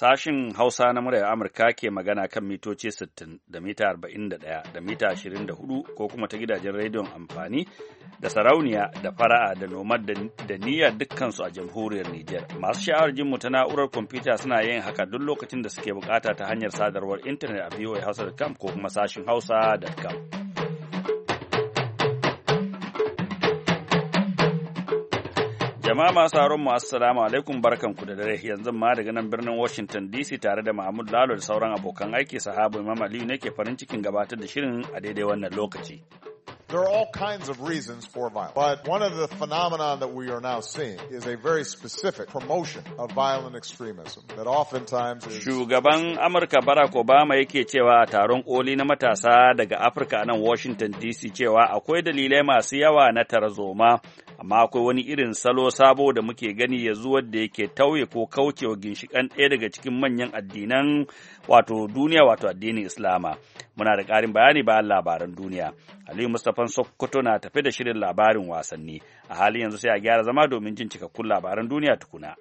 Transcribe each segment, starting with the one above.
Sashin Hausa na muryar Amurka ke magana kan mitoci 60 da mita 41 da mita 24 ko kuma ta gidajen rediyon amfani da sarauniya da fara'a da nomad da niyya dukkansu a jamhuriyar Nijar. Masu sha'awar jinmu ta na'urar kwamfuta suna yin haka duk lokacin da suke bukata ta hanyar sadarwar intanet a voahausa.com ko kuma sashin hausa.com. Jama'a masu sauran mu assalamu alaikum ku da dare yanzu ma daga nan birnin Washington DC tare da Mahmud Lalo da sauran abokan aiki sahabu Imam Aliyu nake farin cikin gabatar da shirin a daidai wannan lokaci. There are all kinds of reasons for violence, but one of the phenomena that we are now seeing is a very specific promotion of violent extremism that oftentimes is... Shugaban Amurka Barack Obama yake cewa a taron koli na matasa daga Afirka nan Washington DC cewa akwai dalilai masu yawa na tarzoma amma akwai wani irin salo sabo da muke gani yanzu wadda yake tauye ko kaucewa ginshikan ɗaya daga cikin manyan addinan wato duniya wato addinin islama muna da ƙarin bayani bayan labaran duniya aliyu mustafan sokoto na tafi da shirin labarin wasanni a halin yanzu sai a gyara zama domin jin cikakkun labaran duniya tukuna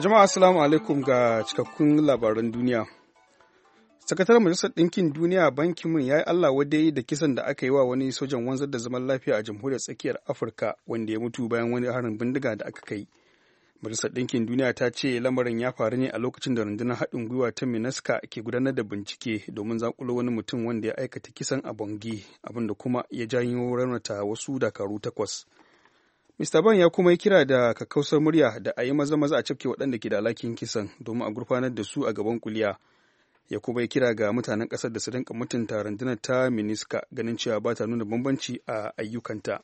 jama'a assalamu alaikum ga cikakkun labaran duniya sakataren majalisar ɗinkin duniya bankin mun ya yi allah wadai da kisan da aka yi wa wani sojan wanzar da zaman lafiya a jamhuriyar tsakiyar afirka wanda ya mutu bayan wani harin bindiga da aka kai majalisar ɗinkin duniya ta ce lamarin ya faru ne a lokacin da rundunar haɗin gwiwa ta minaska ke gudanar da bincike domin zakulo wani mutum wanda ya aikata kisan a bangi abinda kuma ya janyo raunata wasu dakaru takwas Mr. Ban ya kuma yi kira da kakkausar murya da a yi maza maza a cafke waɗanda ke da alakin kisan domin a gurfanar da su a gaban kuliya. ya kuma yi kira ga mutanen ƙasar da su rinka mutunta rundunar ta miniska ganin cewa ba ta nuna bambanci a ayyukanta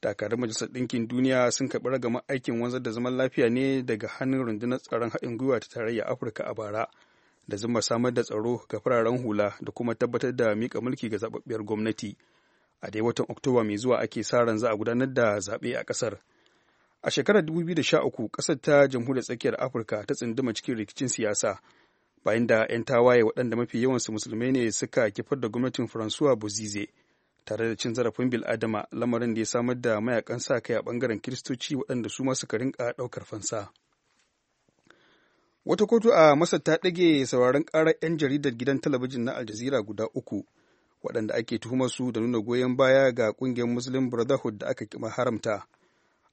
takarar majalisar ɗinkin duniya sun karɓi ragama aikin wanzar da zaman lafiya ne daga hannun rundunar tsaron haɗin gwiwa ta tarayya afirka a bara da zuma samar da tsaro ga fararen hula da kuma tabbatar da miƙa mulki ga zaɓaɓɓiyar gwamnati a dai watan oktoba mai zuwa ake sa ran za a gudanar da zaɓe a ƙasar a shekarar 2013 kasar ta jamhuriyar tsakiyar afirka ta tsunduma cikin rikicin siyasa bayan da 'yan tawaye waɗanda mafi yawansu musulmai ne suka kifar da gwamnatin faransuwa buzize tare da cin zarafin bil'adama lamarin da ya samar da mayakan sa kai a bangaren kiristoci waɗanda su masu suka rinka ɗaukar fansa wata kotu a masar ta ɗage sauraron ƙarar 'yan jaridar gidan talabijin na aljazira guda uku waɗanda ake tuhumar su da nuna goyon baya ga ƙungiyar muslim brotherhood da aka kima haramta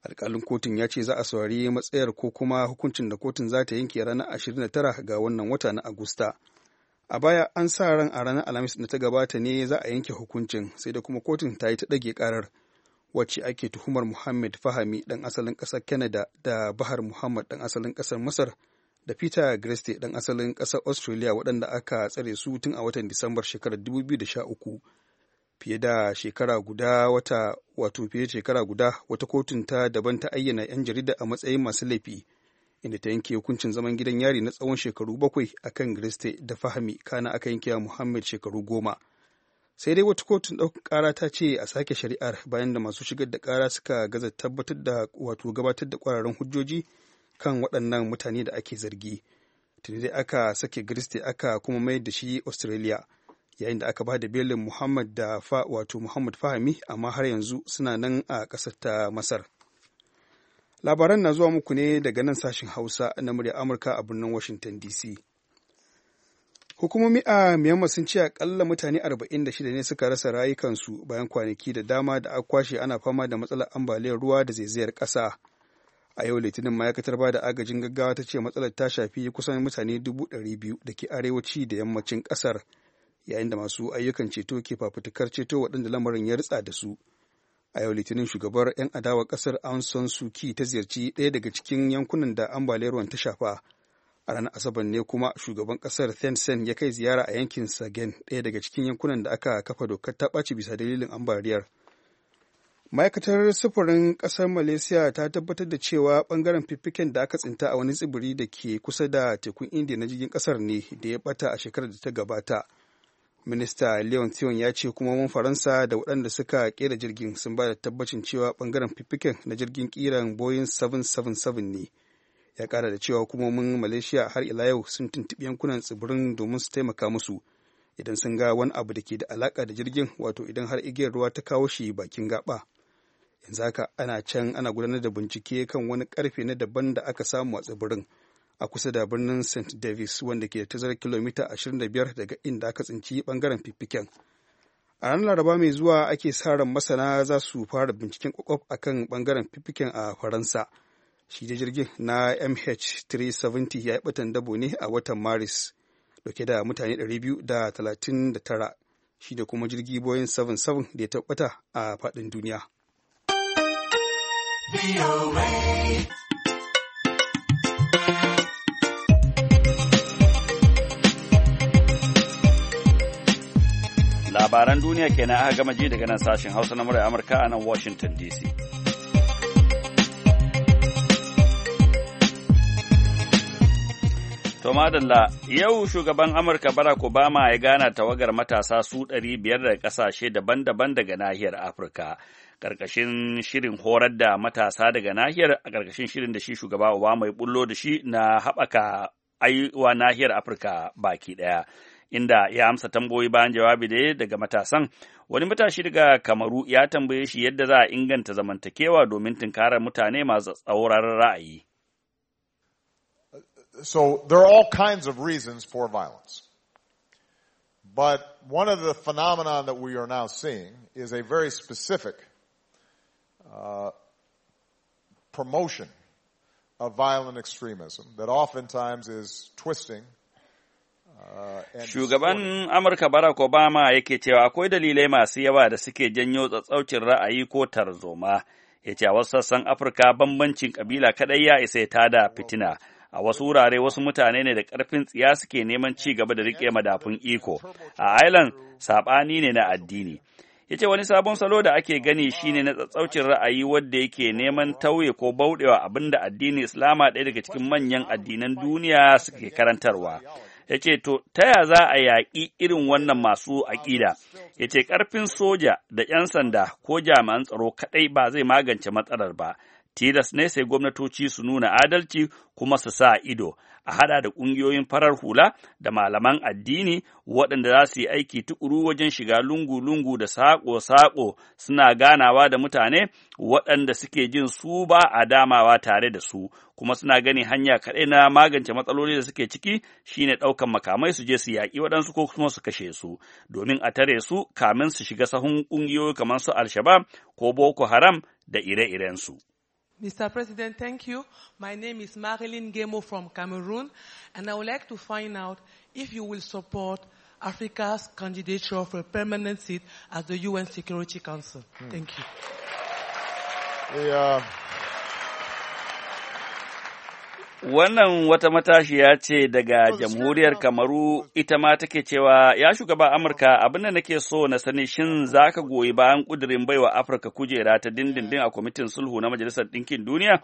alkalin kotun ya ce za a saurari matsayar ko kuma hukuncin da kotun za ta yanke ranar 29 ga wannan wata na agusta a baya an sa ran a ranar alhamis da ta gabata ne za a yanke hukuncin sai da kuma kotun ta yi ta ɗage karar wacce ake tuhumar muhammad fahami dan asalin ƙasar canada da bahar muhammad dan asalin ƙasar masar da peter greste dan asalin ƙasar australia waɗanda aka tsare su tun a watan disambar shekarar 2013 fiye da shekara guda wata wato fiye shekara guda wata kotun ta daban ta ayyana 'yan jarida a matsayin masu laifi inda ta yanke hukuncin zaman gidan yari na tsawon shekaru bakwai akan griste da fahami kana aka yanke wa muhammad shekaru goma sai dai wata kotun ɗaukar ƙara ta ce a sake shari'ar bayan da masu shigar da ƙara suka gaza tabbatar da wato gabatar da ƙwararrun hujjoji kan waɗannan mutane da ake zargi tuni dai aka sake griste aka kuma mayar da shi australia yayin da aka ba da belin muhammad da fa wato muhammad fahimi amma har yanzu suna nan a ƙasar ta masar labaran na zuwa muku ne daga nan sashen hausa na murya amurka a birnin washington dc hukumomi a myanmar sun ce akalla mutane 46 ne suka rasa rayukansu bayan kwanaki da dama da aka kwashe ana fama da matsalar ambaliyar ruwa da zaizayar ƙasa a yau litinin ma'aikatar ba da agajin gaggawa ta ce matsalar ta shafi kusan mutane 200 da ke arewaci da yammacin ƙasar yayin da masu ayyukan ceto ke fafutukar ceto waɗanda lamarin ya ritsa da su a yau litinin shugabar 'yan adawa ƙasar aung san suki ta ziyarci ɗaya daga cikin yankunan da ambaliyar ta shafa a ranar asabar ne kuma shugaban ƙasar sen ya kai ziyara a yankin sagen ɗaya daga cikin yankunan da aka kafa dokar ta ɓaci bisa dalilin ambaliyar ma'aikatar sufurin ƙasar malaysia ta tabbatar da cewa ɓangaren fiffiken da aka tsinta a wani tsibiri da ke kusa da tekun indiya na jirgin ƙasar ne da ya ɓata a shekarar da ta gabata minista leon tion ya ce hukumomin faransa da waɗanda suka kera jirgin sun ba da tabbacin cewa ɓangaren fifiken na jirgin kiran boeing 777 ne ya kara da cewa hukumomin malaysia har ila yau sun tuntuɓi yankunan tsibirin domin su taimaka musu idan sun ga wani abu da ke da alaka da jirgin wato idan har igiyar ruwa ta kawo shi bakin gaɓa yanzu haka ana can ana gudanar da bincike kan wani karfe na daban da aka samu a tsibirin a kusa da birnin st davis wanda ke da tazarar kilomita 25 daga inda aka tsinci bangaren fiffiken a ranar laraba mai zuwa ake sa ran masana za su fara binciken kwakwaf a kan bangaren fiffiken a faransa shi da jirgin na mh370 ya yi batan dabo ne a watan maris dauke da mutane 239 shi da kuma jirgi boeing 77 da ya tabbata a fadin duniya labaran duniya kenan aka gama ji daga nan sashen hausa na murar amurka a nan washington dc To madalla yau shugaban Amurka Barack Obama ya gana tawagar matasa su ɗari biyar daga ƙasashe daban-daban daga nahiyar Afirka. Ƙarƙashin shirin horar da matasa daga nahiyar a ƙarƙashin shirin da shi shugaba Obama ya bullo da shi na haɓaka aiwa nahiyar Afirka baki ɗaya. inda ya amsa tambayoyi bayan jawabi da daga matasan wani matashi daga kamaru ya tambaye shi yadda za a inganta zamantakewa domin tunkarar mutane masu tsauraran ra'ayi so there are all kinds of reasons for violence but one of the phenomena that we are now seeing is a very specific uh, promotion of violent extremism that oftentimes is twisting Uh, Shugaban Amurka Barack Obama yake cewa akwai dalilai masu yawa da suke janyo tsatsaucin ra'ayi ko tarzoma. Ya ce a wasu sassan Afirka bambancin kabila kaɗai ya isa ta da fitina. a wasu wurare wasu mutane ne da ƙarfin tsiya suke neman ci gaba da riƙe madafun iko a Ireland saɓani ne na addini ya ce wani sabon salo da ake gani shi ne na tsatsaucin ra'ayi wadda yake neman tauye ko bauɗewa abinda da addinin islama ɗaya daga cikin manyan addinan duniya suke karantarwa ya ce to ta ya za a yaƙi irin wannan masu aƙida ya ce ƙarfin soja da 'yan sanda ko jami'an tsaro kaɗai ba zai magance matsalar ba tilas ne sai gwamnatoci su nuna adalci kuma su sa ido a hada da ƙungiyoyin farar hula da malaman addini waɗanda za su yi aiki tukuru wajen shiga lungu-lungu da saƙo-saƙo suna ganawa da mutane waɗanda suke jin su ba a damawa tare da su kuma suna gani hanya kaɗai na magance matsaloli da suke ciki shine ɗaukan makamai su je su yaƙi waɗansu ko kuma su kashe su domin a tare su kamin su shiga sahun ƙungiyoyi kamar su al ko Boko Haram da ire-irensu. Mr. President, thank you. My name is Marilyn Gemo from Cameroon, and I would like to find out if you will support Africa's candidature for a permanent seat at the UN Security Council. Hmm. Thank you. Uh, Wannan wata matashiya ce daga jamhuriyar Kamaru ita ma take cewa ya shugaba Amurka abinda nake so na sani shin za ka goyi bayan kudirin baiwa Afirka kujera ta dindindin a kwamitin sulhu na Majalisar Ɗinkin Duniya?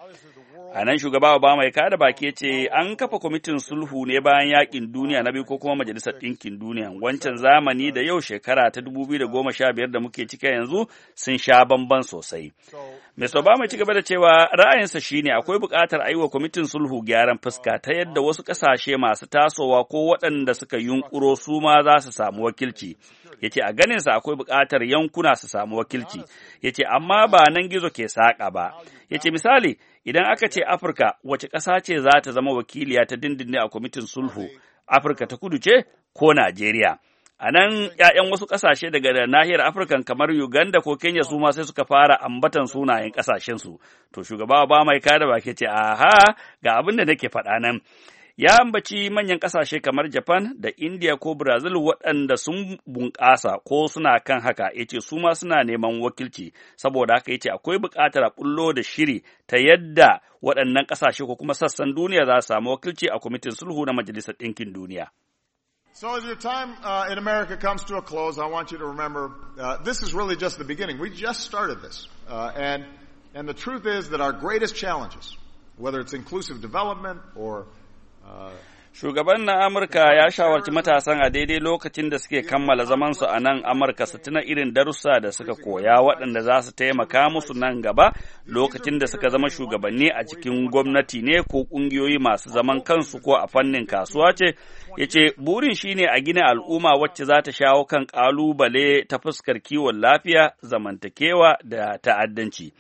A nan shugaba Obama ya kada baki ce an kafa kwamitin sulhu ne bayan yakin duniya na biyu ko kuma majalisar ɗinkin duniya. Wancan zamani da yau shekara ta 2015 da goma sha biyar da muke cika yanzu sun sha bamban sosai. Mr. Obama ya ci gaba da cewa ra'ayinsa shine akwai buƙatar a yi wa kwamitin sulhu gyaran fuska ta yadda wasu ƙasashe masu tasowa ko waɗanda suka yunƙuro su ma za su samu wakilci. ya ce a ganinsa akwai buƙatar yankuna su samu wakilci ya ce amma ba nan gizo ke saƙa ba ya ce misali Idan aka ce Afirka wace ƙasa ce za ta zama wakiliya ta dindindin a kwamitin sulhu, Afirka ta kudu ce ko Najeriya. A nan ‘ya'yan wasu ƙasashe daga nahiyar Afirka kamar Uganda ko Kenya su ma sai suka fara ambatan sunayen ƙasashensu. To shugaba ba mai kada ba ke ce, aha ga abin da nake faɗa nan. ya ambaci manyan ƙasashe kamar Japan da India ko Brazil waɗanda sun bunƙasa ko suna kan haka ya ce su ma suna neman wakilci saboda haka ya ce akwai buƙatar a ƙullo da shiri ta yadda waɗannan ƙasashe ko kuma sassan duniya za su samu wakilci a kwamitin sulhu na Majalisar Ɗinkin Duniya. So as your time uh, in America comes to a close, I want you to remember uh, this is really just the beginning. We just started this. Uh, and, and the truth is that our greatest challenges, whether it's inclusive development or Shugaban na Amurka ya shawarci matasan a daidai lokacin da suke kammala zamansu a nan Amurka su tuna irin darussa da suka koya waɗanda za su taimaka musu nan gaba lokacin da suka zama shugabanni a cikin gwamnati ne ko ƙungiyoyi masu zaman kansu ko a fannin kasuwa ce. Ya ce, burin shi ne a gina al'umma wacce za ta shawo kan ƙalubale ta fuskar kiwon lafiya, zamantakewa da ta'addanci.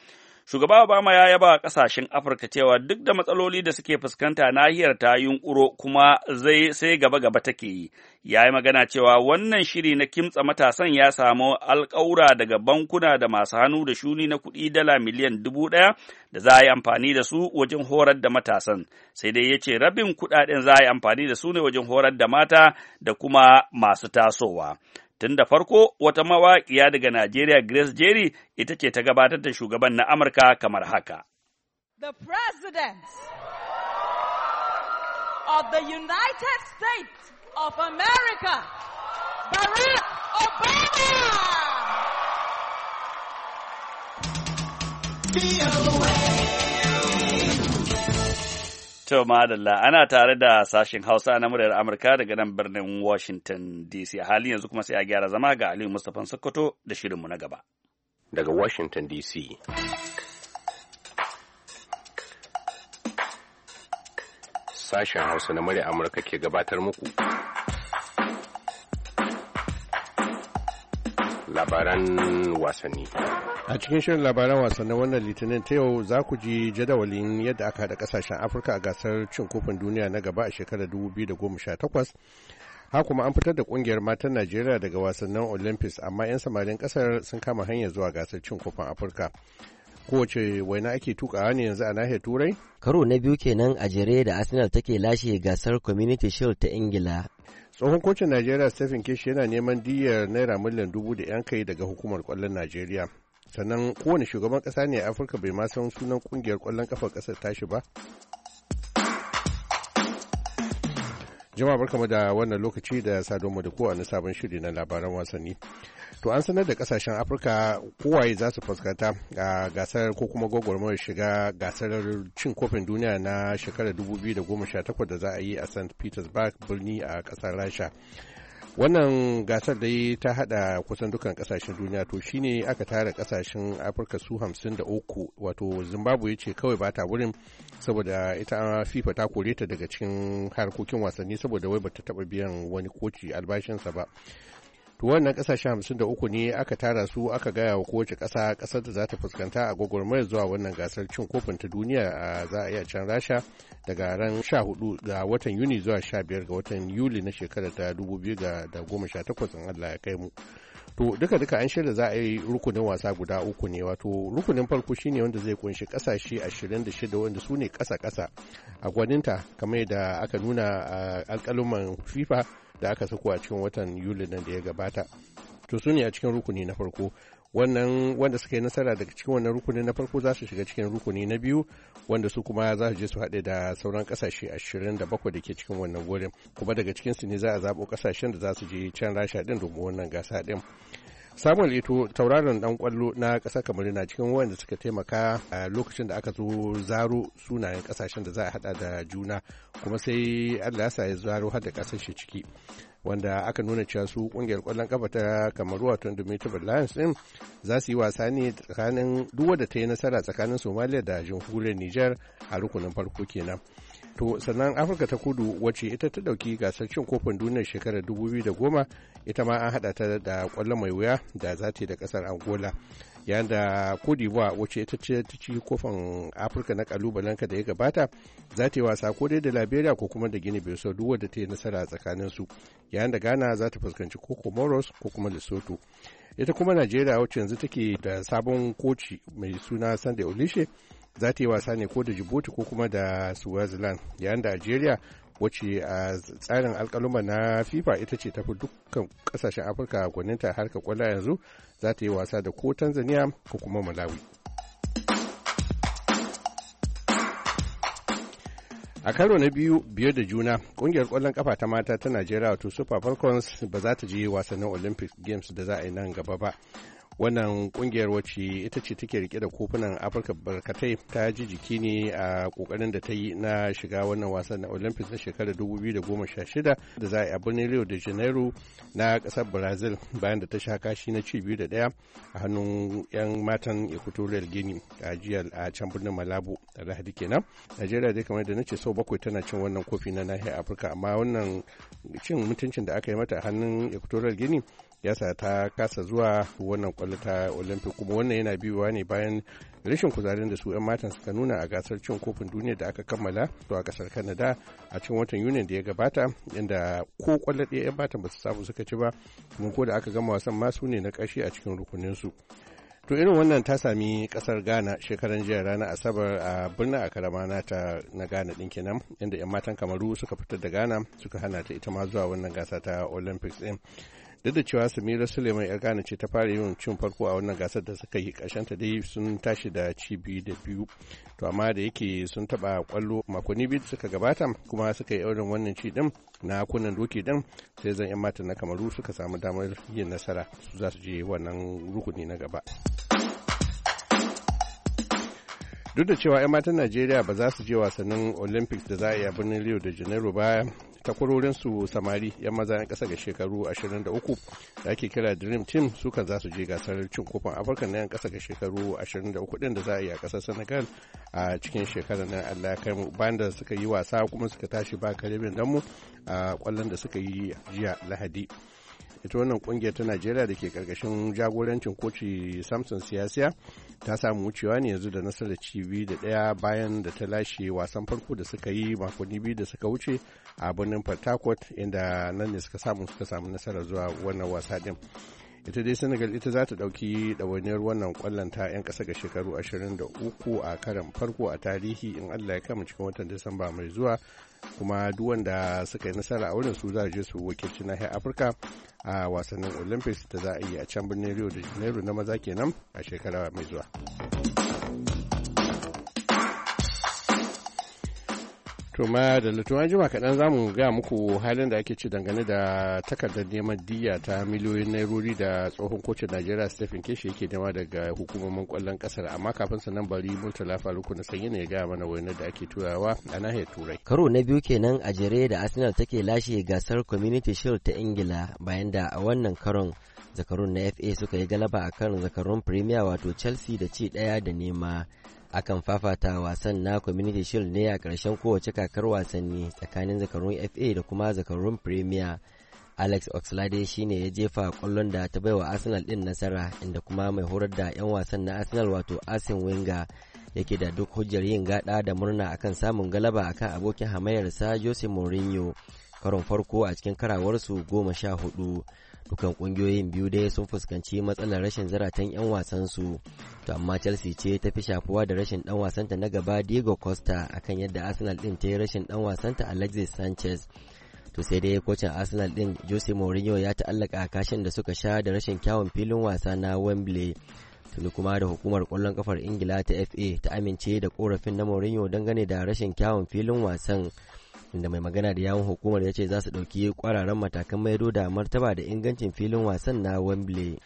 Shugaba Obama ya yaba ƙasashen Afirka cewa duk da matsaloli da suke fuskanta nahiyar ta yunƙuro kuma zai sai gaba-gaba take yi. Ya yi magana cewa wannan shiri na kimtsa matasan ya samu alƙaura daga bankuna da masu hannu da shuni na kuɗi dala miliyan dubu ɗaya da za a yi amfani da su wajen horar da matasan. Sai dai ya ce rabin kuɗaɗen za a yi amfani da su ne wajen horar da mata da kuma masu tasowa. Tun da farko wata mawaƙiya daga Najeriya Grace Jerry ita ce ta gabatar da shugaban na Amurka kamar haka. The President of the United States of America, Barack Obama! Be away. To madalla ana tare da sashen Hausa na muryar Amurka daga nan birnin Washington DC. A halin yanzu kuma sai a gyara zama ga Aliyu Mustapha Sokoto da shirinmu na gaba. Daga Washington DC. Sashen Hausa na muryar Amurka ke gabatar muku. Labaran wasanni. a cikin shirin labaran wasannin wannan litinin ta yau za ku ji jadawalin yadda aka haɗa ƙasashen afirka a gasar cin kofin duniya na gaba a shekarar 2018 ha kuma an fitar da kungiyar matan najeriya daga wasannin olympics amma 'yan samarin kasar sun kama hanyar zuwa gasar cin kofin afirka kowace waina ake tukawa ne yanzu a nahiyar turai karo na biyu kenan a jere da arsenal take lashe gasar community shield ta ingila tsohon kocin najeriya stephen keshi yana neman diyyar naira miliyan dubu da 'yan kai daga hukumar kwallon najeriya sannan kowane shugaban kasa ne a afirka bai ma san sunan kungiyar kwallon kafar kasar tashi ba jama'a barkamu da wannan lokaci da mu da kowane sabon shiri na labaran wasanni to an sanar da kasashen afirka kowaye za su fuskanta a gasar ko kuma gwagwarmar shiga gasar cin kofin duniya na shekarar 2018 da za a yi a st petersburg birni a kasar rasha wannan gasar dai ta hada kusan dukkan kasashen duniya to shine aka tara kasashen afirka su hamsin da uku wato zimbabwe ce kawai bata wurin saboda ita fifa ta kore ta daga cikin harkokin wasanni saboda wai bata taba biyan wani koci albashinsa ba to wannan kasashe uku ne aka tara su aka gaya wa kowace ƙasa ƙasar da za ta fuskanta a gwagwarmayar zuwa wannan gasar cin kofin ta duniya a za a iya can rasha daga ran 14 ga watan yuni zuwa 15 ga watan yuli na shekarar ta 2018 in allah ya kai mu to duka duka an shirya za a yi rukunin wasa guda uku ne wato rukunin farko shine wanda zai kunshi kasashe 26 wanda su ne kasa kasa a gwaninta kamar da aka nuna a alkaluman fifa da aka sako a cikin watan yuli nan da ya gabata to su ne a cikin rukuni na farko wannan wanda suka yi nasara daga cikin wannan rukuni na farko za su shiga cikin rukuni na biyu wanda su kuma za su je su haɗe da sauran ƙasashe 27 da ke cikin wannan wurin kuma daga cikin su ne za a zaɓo ƙasashen da za su je can rasha ɗin domin wannan gasa ɗin Samuel Ito tauraron dan kwallo na ƙasar Kamaru na cikin wanda suka taimaka a lokacin da aka zo zaro sunayen kasashen da za a hada da juna kuma sai Allah ya sa zaro har da ƙasar shi ciki. wanda aka nuna cewa su kungiyar kwallon kafa ta kamaru wato indomitable lions din za su yi wasa ne tsakanin duk wadda ta yi nasara tsakanin somalia da jamhuriyar niger a rukunin farko kenan to sannan afirka ta kudu wacce ita ta dauki gasar cin kofin duniyar shekarar 2010 ita ma an hada ta da kwallo mai wuya da za ta da kasar angola yayin da kudi ba wacce ita ce ta ci kofin afirka na kalubalenka da ya gabata za ta yi wasa ko dai da liberia ko kuma da gini bissau duk wadda ta yi nasara tsakanin su yayin da ghana za ta fuskanci ko comoros ko kuma lesotho ita kuma najeriya wacce yanzu take da sabon koci mai suna sunday olishe za ta yi wasa ne ko da Djibouti ko kuma da Swaziland yayin da Algeria wacce a tsarin alkaluma na FIFA ita ce tafi dukkan kasashen Afirka gwaninta harka kwallo yanzu za ta yi wasa da ko Tanzania ko kuma Malawi. a karo na biyu biyu da juna kungiyar kwallon kafa ta mata ta najeriya wato super falcons ba za ta je wasannin olympic games da za a yi nan gaba ba wannan kungiyar wacce ita ce take rike da kofunan afirka barkatai ta ji jiki ne a kokarin da ta yi na shiga wannan wasan na olympics na shekarar 2016 da za a yi a birnin rio de janeiro na kasar brazil bayan da ta sha kashi na ci biyu da daya a hannun yan matan equatorial guinea a jiya a can birnin malabo A lahadi kenan najeriya dai kamar da na ce sau bakwai tana cin wannan kofi na nahiyar afirka amma wannan cin mutuncin da aka yi mata a hannun equatorial guinea yasa ta kasa zuwa wannan kwallo ta olympic kuma wannan yana biyuwa ne bayan rashin kuzarin da su 'yan matan suka nuna a gasar cin kofin duniya da aka kammala to a kasar canada a cikin watan yunin da ya gabata inda ko kwallade 'yan matan ba su samu suka ci ba kuma ko da aka gama wasan ma su ne na kashi a cikin su to irin wannan ta sami kasar ghana shekaran jiya rana asabar a birnin akarama nata na ghana din kenan inda 'yan matan kamaru suka fitar da ghana suka hana ta ita ma zuwa wannan gasa ta olympics din duk da cewa samira suleiman ya gane ce ta fara yin cin farko a wannan gasar da suka yi ta dai sun tashi da ci biyu da biyu to amma da yake sun taba kwallo makonni biyu suka gabata kuma suka yi aurin wannan ci din na kunan doki din sai zan yan mata na kamaru suka samu damar yin nasara su za su je wannan rukuni na gaba duk da cewa 'yan matan najeriya ba za su je wasannin olympics da za a yi a birnin rio de janeiro ba takwarorin su samari yan maza yan kasa ga shekaru 23 da ake kira dream team suka za su je gasar cin kofin afirka na yan kasa ga shekaru 23 din da za a yi a kasar senegal a cikin shekarar nan allah kai mu bayan da suka yi wasa kuma suka tashi ba karibin dan mu a kwallon da suka yi jiya lahadi ita wannan kungiyar ta najeriya da ke karkashin jagorancin koci samson siyasiya ta samu wucewa ne yanzu da nasarar cibi da daya bayan da ta lashe wasan farko da suka yi makonni biyu da suka wuce a birnin port harcourt inda nan ne suka samu suka samu nasarar zuwa wannan wasa din ita dai senegal ita za ta ɗauki ɗawainiyar wannan ƙwallon ta 'yan ƙasa ga shekaru 23 a karan farko a tarihi in allah ya kama cikin watan disamba mai zuwa kuma duk wanda suka yi nasara a wurin su za je su wakilci nahiyar afirka a wasannin olympics da za a yi a can birnin rio de janeiro na maza kenan a shekara mai zuwa To ma da lituma jima kaɗan za mu gaya muku halin da ake ci dangane da takardar neman diya ta miliyoyin nairori da tsohon kocin Najeriya Stephen Keshi yake nema daga hukumomin kwallon ƙasar amma kafin sanan bari Murtala Faruku na sanyi ne ya gaya mana wainar da ake turawa a nahiyar Turai. Karo na biyu kenan a jere da Arsenal take lashe gasar Community Shield ta Ingila bayan da a wannan karon zakarun na FA suka yi galaba a kan zakarun Premier wato Chelsea da ci daya da nema. akan fafata wasan na community shield ne a karshen kowace kakar wasanni tsakanin zakarun fa da kuma zakarun premier alex oxlade shine ya jefa kwallon da ta baiwa arsenal din nasara inda kuma mai horar da 'yan wasan na arsenal wato arsene wenger yake da duk hujjar yin gada da murna akan samun galaba akan abokin hamayarsa jose mourinho karon farko a cikin karawarsu goma sha hudu dukan kungiyoyin biyu dai sun fuskanci matsalar rashin zaratan 'yan wasansu to amma chelsea ce ta fi shafuwa da rashin dan wasanta na gaba diego costa akan yadda arsenal din ta yi rashin dan wasanta alexis sanchez to sai dai kocin arsenal din jose mourinho ya ta'allaka kashin da suka sha da rashin kyawun filin wasa na wembley tuni kuma da hukumar kwallon kafar ingila ta fa ta amince da korafin na mourinho dangane da rashin kyawun filin wasan inda mai magana da yawun hukumar ya ce za su ɗauki kwararan matakan maido da martaba da ingancin filin wasan na Wembley.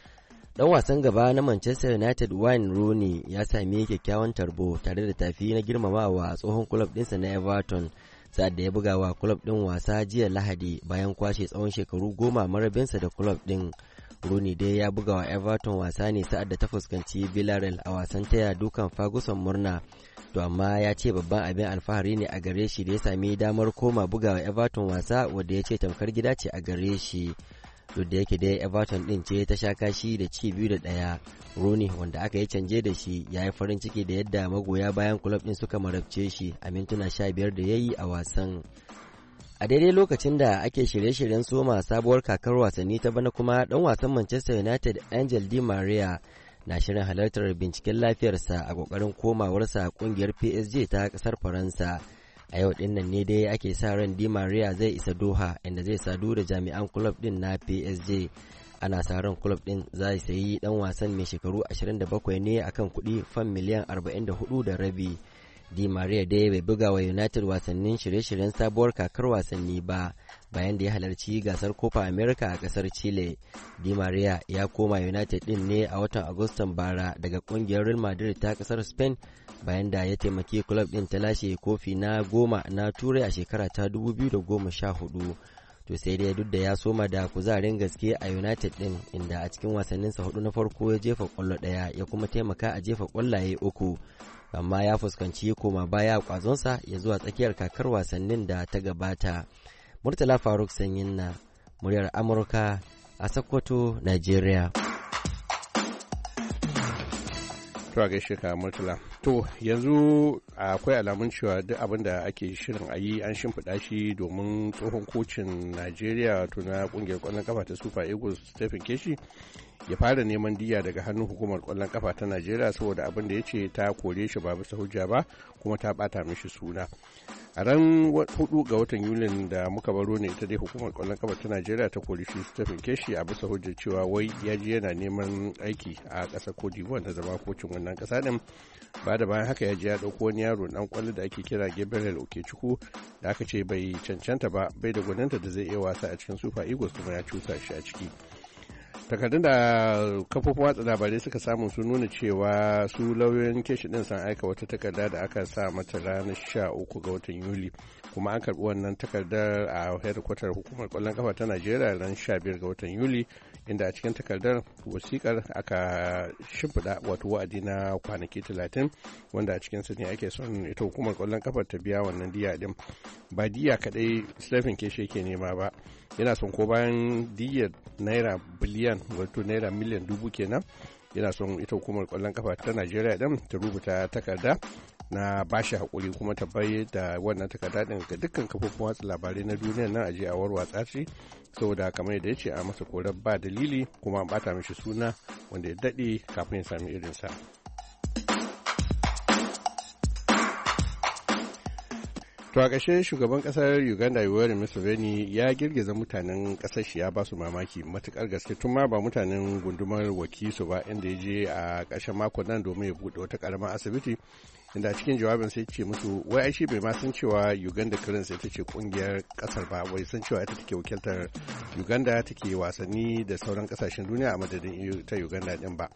Dan wasan gaba na Manchester United Wayne Rooney ya sami kyakkyawan tarbo tare da tafi na girmamawa tsohon kulob ɗinsa na Everton sa'ad da ya buga wa kulob ɗin wasa jiya Lahadi bayan kwashe tsawon shekaru goma marabinsa da kulob din Rooney dai ya buga wa Everton wasa ne sa'ad da ta fuskanci Villarreal a wasan taya dukan Ferguson murna to amma ya ce babban abin alfahari ne a gare shi da ya sami damar koma bugawa everton wasa wadda ya ce tamkar gida ce a gare shi duk da yake dai everton din ce ta sha kashi da ci biyu da ɗaya rooney wanda aka yi canje da shi ya yi farin ciki da yadda magoya bayan kulob din suka marabce shi a mintuna sha biyar da ya yi a wasan a daidai lokacin da ake shirye-shiryen soma sabuwar kakar wasanni ta bana kuma dan wasan manchester united angel di maria na shirin halartar binciken lafiyarsa a kokarin komawarsa kungiyar PSG ta kasar Faransa. A yau din nan ne dai ake sa ran Di Maria zai isa Doha inda zai sadu da jami'an kulob din na PSG. Ana sa ran kulob din za sayi dan wasan mai shekaru 27 ne akan kuɗi fan miliyan 44 da rabi. Di Maria dai bai buga wa United wasannin shirye-shiryen sabuwar kakar wasanni ba bayan da ya halarci gasar Copa America a kasar Chile. Di Maria ya koma United din ne a watan Agustan bara daga kungiyar Real Madrid ta kasar Spain bayan da ya taimaki club din ta lashe kofi na goma na Turai a shekara ta 2014. to sai dai duk da ya soma da kuzarin gaske a united din inda a cikin wasanninsa hudu na farko ya jefa kwallo daya ya kuma taimaka a jefa kwallaye uku amma ya fuskanci koma baya kwazonsa ya zuwa tsakiyar kakar wasannin da ta gabata murtala faruk sanyin na muryar amurka a sokoto nigeria to yanzu akwai alamun cewa duk abin da ake shirin a yi an shimfiɗa shi domin tsohon kocin najeriya to na kungiyar ƙwallon kafa ta super eagles stephen keshi ya fara neman diya daga hannun hukumar kwallon kafa ta najeriya saboda abin da ya ce ta kore shi ba bisa hujja ba kuma ta bata mishi suna a ran hudu ga watan yulin da muka baro ne ita dai hukumar kwallon kafa ta najeriya ta kori shi stephen keshi a bisa hujjar cewa wai ya je yana neman aiki a ƙasar cote da zama kocin wannan ƙasa din ba da bayan haka ya je ya ɗauko wani yaro dan kwallo da ake kira gabriel okechukwu da aka ce bai cancanta ba bai da gwaninta da zai iya wasa a cikin super eagles kuma ya cusa shi a ciki takardun da kafofin watsa labarai suka samu sun nuna cewa su lauyoyin keshi din sun aika wata takarda da aka sa mata ranar sha uku ga watan yuli kuma an karbi wannan takardar a hedkwatar hukumar kwallon kafa ta najeriya ran sha biyar ga watan yuli inda a cikin takardar wasikar aka shimfiɗa wato wa'adi na kwanaki talatin wanda a cikinsa ne ake son ita hukumar kwallon kafar ta biya wannan diya din ba diya kadai stephen keshe ke nema ba yana son ko bayan diyar naira biliyan wato naira miliyan dubu kenan yana son ita hukumar kwallon kafa ta najeriya din ta rubuta takarda na ba shi haƙuri kuma ta bayar da wannan takarda ɗin ga dukkan kafofin watsa labarai na duniya nan aje a warwatsa ce saboda kamar da ya ce a masa korar ba dalili kuma an bata mishi suna wanda ya daɗe kafin ya sami irinsa. To a ƙashe shugaban ƙasar Uganda Yoweri Museveni ya girgiza mutanen ƙasar shi ya ba su mamaki matuƙar gaske tun ma ba mutanen gundumar Wakiso ba inda ya je a ƙarshen makon nan domin ya buɗe wata ƙaramar asibiti inda cikin jawabin sai ce musu wai ai bai ma san cewa Uganda Cranes ita ce kungiyar kasar ba wai san cewa ita take wakiltar Uganda take wasanni da sauran kasashen duniya a madadin ta Uganda din ba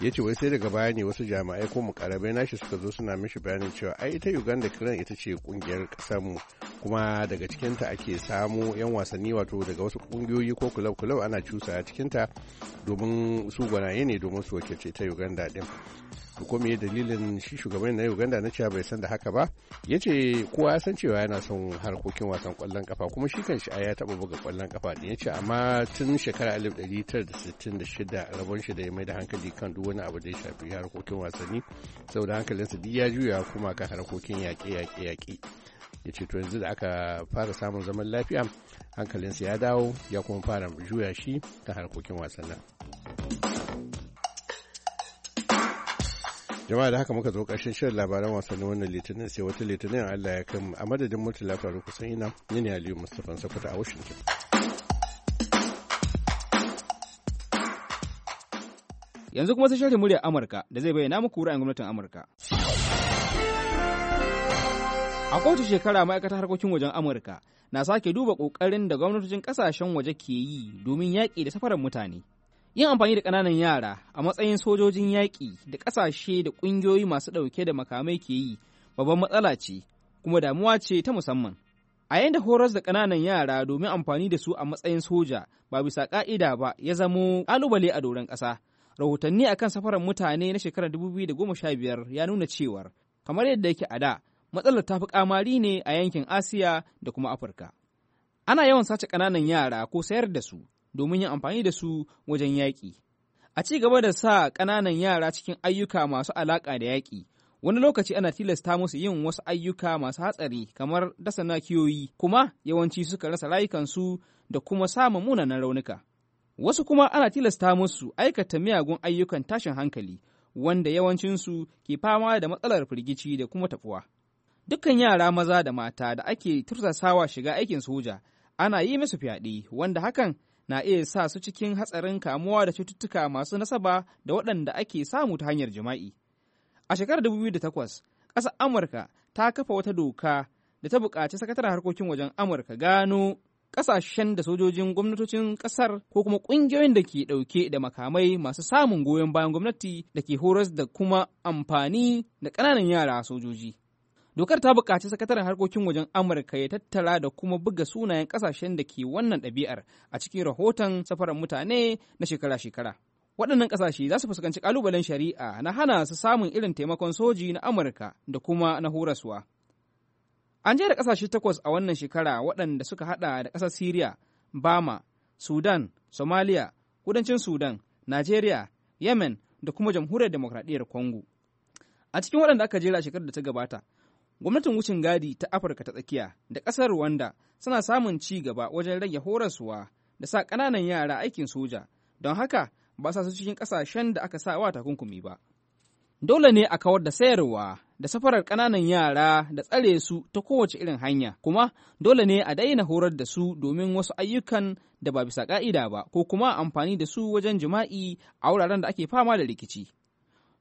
ya ce wai sai daga baya ne wasu jami'ai ko mukarabai nashi suka zo suna mishi bayanin cewa ai ita Uganda Cranes ita ce kungiyar kasar mu kuma daga cikinta ake samu 'yan wasanni wato daga wasu kungiyoyi ko kulau-kulau ana cusa a cikinta domin su gwanaye ne domin su wakilce ta Uganda din to ko me dalilin shi shugaban na Uganda na cewa bai san da haka ba ya ce kowa ya san cewa yana son harkokin wasan kwallon kafa kuma shi kan shi ya taba buga kwallon kafa da ya ce amma tun shekara 1966 rabon shi da ya mai da hankali kan duk wani abu da ya shafi harkokin wasanni saboda hankalinsa duk ya juya kuma kan harkokin yaƙe-yaƙe-yaƙe ya ce to yanzu da aka fara samun zaman lafiya hankalinsa ya dawo ya kuma fara juya shi ta harkokin wasannin. jama'a da haka muka zo ƙarshen shirin labaran wasannin wannan litinin sai wata litinin allah ya kai a madadin mutu lafaru kusan ina ni ne aliyu mustapha sakwata a washington yanzu kuma sai shirin muryar amurka da zai bayyana muku ra'ayin gwamnatin amurka a kowace shekara ma'aikatar harkokin wajen amurka na sake duba ƙoƙarin da gwamnatocin kasashen waje ke yi domin yaƙi da safarar mutane Yin amfani da ƙananan yara a matsayin sojojin yaƙi da ƙasashe da ƙungiyoyi masu ɗauke da makamai ke yi babban matsala ce kuma damuwa ce ta musamman. A yayin da horas da ƙananan yara domin amfani da su a matsayin soja ba bisa ƙa'ida ba ya zamo ƙalubale a doron ƙasa. Rahotanni a kan safarar mutane na shekarar 2015 ya nuna cewar kamar yadda yake a da matsalar ta fi ƙamari ne a yankin Asiya da kuma Afirka. Ana yawan sace ƙananan yara ko sayar da su domin yin amfani da su wajen yaƙi. A ci gaba da sa ƙananan yara cikin ayyuka masu alaƙa da yaƙi, wani lokaci ana tilasta musu yin wasu ayyuka masu hatsari kamar dasa nakiyoyi kuma yawanci suka rasa rayukansu da kuma samun munanan raunuka. Wasu kuma ana tilasta musu aikata miyagun ayyukan tashin hankali wanda yawancinsu ke fama da matsalar firgici da kuma tafuwa. Dukkan yara maza da mata da ake tursasawa shiga aikin soja ana yi musu fyaɗe wanda hakan na iya sa su cikin hatsarin kamuwa da cututtuka masu nasaba da waɗanda ake samu ta hanyar jima'i. A shekarar 2008, ƙasar Amurka ta kafa wata doka da ta buƙaci sakataren harkokin wajen Amurka gano ƙasashen da sojojin gwamnatocin ƙasar ko kuma ƙungiyoyin da ke ɗauke da makamai masu samun goyon bayan gwamnati da ke horas da kuma amfani da ƙananan yara sojoji. Dokar ta buƙaci sakataren harkokin wajen Amurka ya tattara da kuma buga sunayen ƙasashen da ke wannan ɗabi'ar a cikin rahoton safarar mutane na shekara-shekara. Waɗannan ƙasashe za su fuskanci ƙalubalen shari'a na hana su samun irin taimakon soji na Amurka da kuma na horaswa. An jera ƙasashe takwas a wannan shekara waɗanda suka haɗa da ƙasar Siriya, Bama, Sudan, Somalia, Kudancin Sudan, Najeriya, Yemen da kuma Jamhuriyar Demokradiyyar Congo. A cikin waɗanda aka jera shekarar da ta gabata, gwamnatin wucin gadi ta afirka ta tsakiya da ƙasar rwanda suna samun ci gaba wajen rage horaswa da sa ƙananan yara aikin soja don haka ba sa su cikin ƙasashen da aka sa wa takunkumi ba dole ne a kawar da sayarwa da safarar ƙananan yara da tsare su ta kowace irin hanya kuma dole ne a daina horar da su domin wasu ayyukan da ba bisa ƙa'ida ba ko kuma amfani da su wajen jima'i a wuraren da ake fama da rikici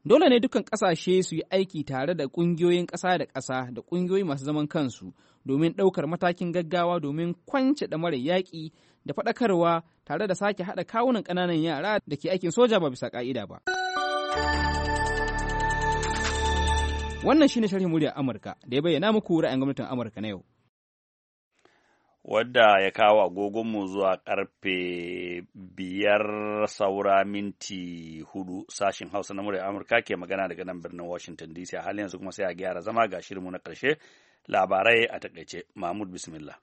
Dole ne dukkan ƙasashe su yi aiki tare da ƙungiyoyin ƙasa da ƙasa da ƙungiyoyi masu zaman kansu domin ɗaukar matakin gaggawa domin kwance mara yaƙi da faɗakarwa tare da sake haɗa kawunan ƙananan yara da ke aikin soja ba bisa ƙa'ida ba. Wannan shine sharhin murya Amurka da ya bayyana muku ra'ayin gwamnatin Amurka na yau. wadda ya kawo agogonmu zuwa karfe biyar saura minti hudu sashin hausa na murya amurka ke magana daga nan birnin washington dc a halin yanzu kuma sai a gyara zama ga shirinmu na karshe labarai a takaice mahmud bismillah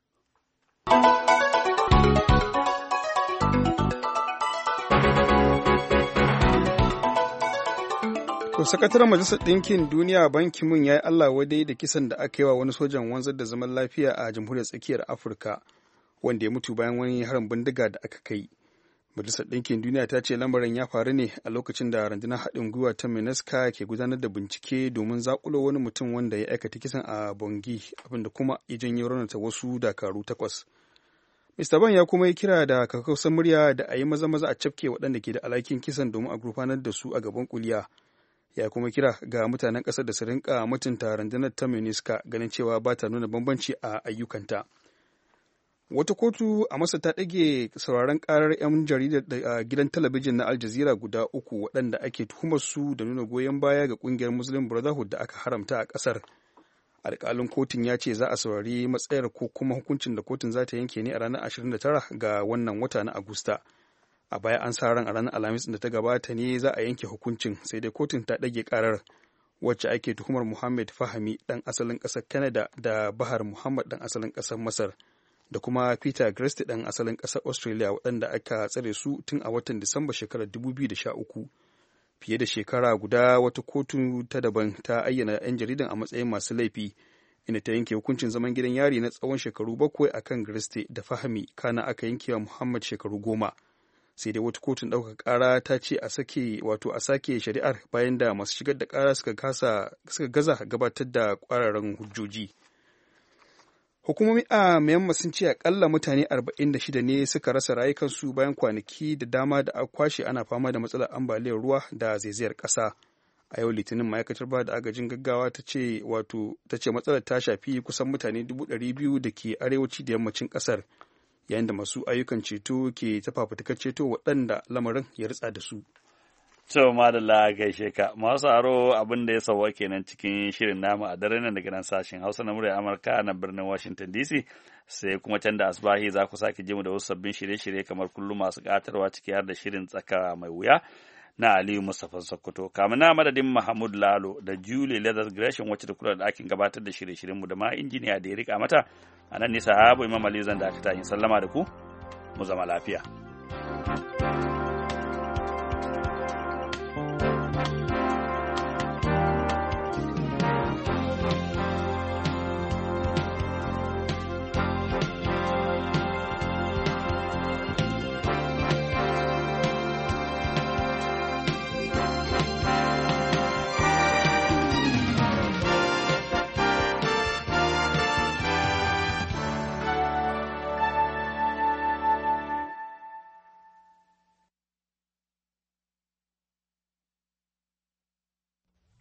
To sakataren Majalisar Ɗinkin Duniya Banki Mun ya yi Allah wadai da kisan da aka yi wa wani sojan wanzar da zaman lafiya a jamhuriyar tsakiyar Afirka wanda ya mutu bayan wani harin bindiga da aka kai. Majalisar Ɗinkin Duniya ta ce lamarin ya faru ne a lokacin da rundunar haɗin gwiwa ta miniska ke gudanar da bincike domin zakulo wani mutum wanda ya aikata kisan a Bongi abinda kuma ya janyo raunata wasu dakaru takwas. Mr. Ban ya kuma yi kira da kakausan murya da a yi maza-maza a cafke waɗanda ke da alhakin kisan domin a gurfanar da su a gaban kuliya. ya kuma kira ga mutanen ƙasar da su rinka mutunta rundunar ta miniska ganin cewa ba ta nuna bambanci a ayyukanta wata kotu a masa ta ɗage sauraron karar 'yan jaridar da gidan talabijin na al jazeera guda uku waɗanda ake tuhumar su da nuna goyon baya ga ƙungiyar muslim brotherhood da aka haramta a ƙasar alƙalin kotun ya ce za a saurari matsayar ko kuma hukuncin da kotun za ta yanke ne a ranar 29 ga wannan wata na agusta. a baya an sa ran a ranar alhamis da ta gabata ne za a yanke hukuncin sai dai kotun ta ɗage karar wacce ake tuhumar muhammad fahami ɗan asalin ƙasar canada da bahar muhammad dan asalin ƙasar masar da kuma peter gresti dan asalin ƙasar australia waɗanda aka tsare su tun a watan disamba shekarar 2013 fiye da shekara guda wata kotu ta daban ta ayyana 'yan jaridan a matsayin masu laifi inda ta yanke hukuncin zaman gidan yari na tsawon shekaru bakwai akan gresti da fahami kana aka yanke wa muhammad shekaru goma sai dai wata kotun ɗaukar ƙara ta ce a sake wato a sake shari'ar bayan da masu shigar da ƙara suka suka gaza gabatar da ƙwararren hujjoji hukumomi a myanmar sun ce akalla mutane 46 ne suka rasa rayukansu bayan kwanaki da dama da a kwashe ana fama da matsalar ambaliyar ruwa da zaizayar ƙasa a yau litinin ma'aikatar ba da agajin gaggawa ta ce wato ta ce matsalar ta shafi kusan mutane 200,000 da ke arewaci da yammacin ƙasar yayin da masu ayyukan ceto ke ta fafutukar ceto waɗanda lamarin ya ritsa da su. To madalla gaishe ka masu aro abin da ya sauwa kenan cikin shirin namu a daren nan daga nan sashen Hausa na murya Amurka na birnin Washington DC sai kuma can da asbahi za ku sake jimu da wasu sabbin shirye-shirye kamar kullum masu katarwa ciki har da shirin tsaka mai wuya. na Aliyu Mustapha Sokoto kamin na madadin Mahmud Lalo da Julie leather Gresham wacce da kula da ɗakin gabatar da shirye-shiryenmu da ma injiniya da ya rika mata a nan nisa sahabu Imam Ali zan da ta sallama da ku mu zama lafiya. thank you